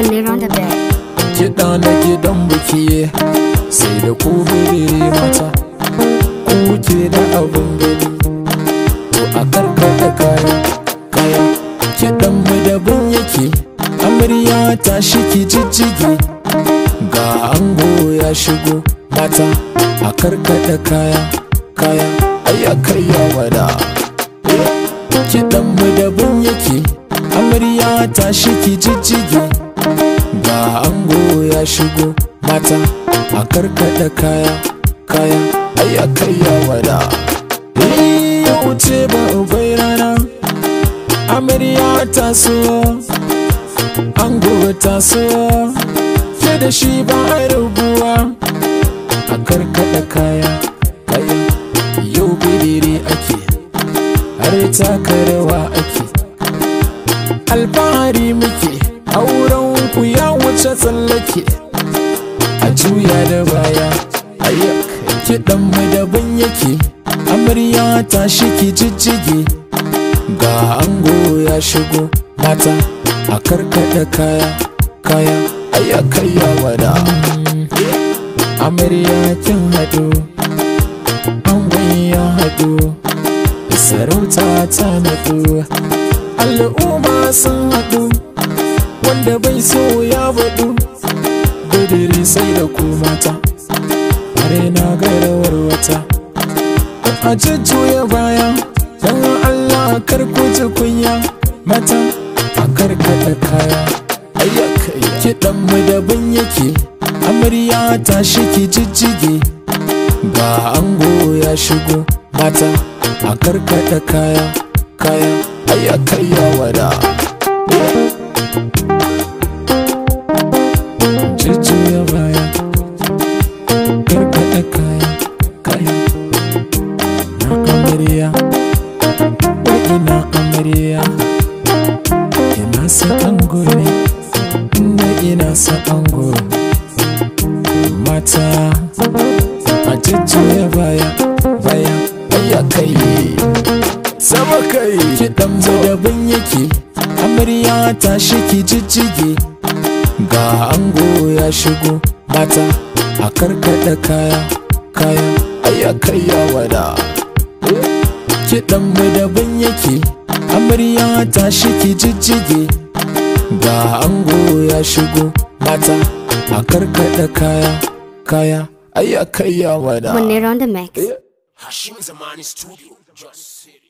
Circle round the bed Kiɗa na gidan buki sai da ku birere mata Ku wuce da abin gani ko a karkata kaya kaya Kiɗan mu daban yake amarya ta shiki jijjigi Ga ango ya shigo mata a karkata kaya kaya Ayya karya wada eh, Kiɗan mu daban yake amarya ta shiki jijjigi ga ango ya shigo mata a karkada kaya kaya ayya kayya wada ya wuce ba bai rana amarya ta so ango ta so ke da shi ba a rubuwa a karkada kaya kaya yau bidire ake har takarawa ake alfahari muke auren ku tsallake a juya da baya ayyak kiɗan mu daban yake amarya ta shiki jijjige ga ango ya shigo mata a karkada kaya kaya ayyakayya wada amarya kin hado angon ya hado sarauta ta nado al'umma sun hado wanda bai so ya badu kudiri sai da kumata mata are na gairawar wata a jujjuya baya don Allah kar ku ji kunya mata a karkata kaya kiɗan mu daban yake amarya ta shiki jijjige ga ango ya shigo mata a karkata kaya kaya ayakayya wada yeah. soyayya ina inda ina mata a baya baya baya kai kai yake amarya ta shiki jijjige ga ango ya shigo mata a karkada kaya kaya ayakayya wada kiɗan yake amarya ta shiki jijjige ga ango ya shigo mata a karkada kaya kaya ayya kayya wada. Munera round the max. Hashim Zamani Studio, Just City.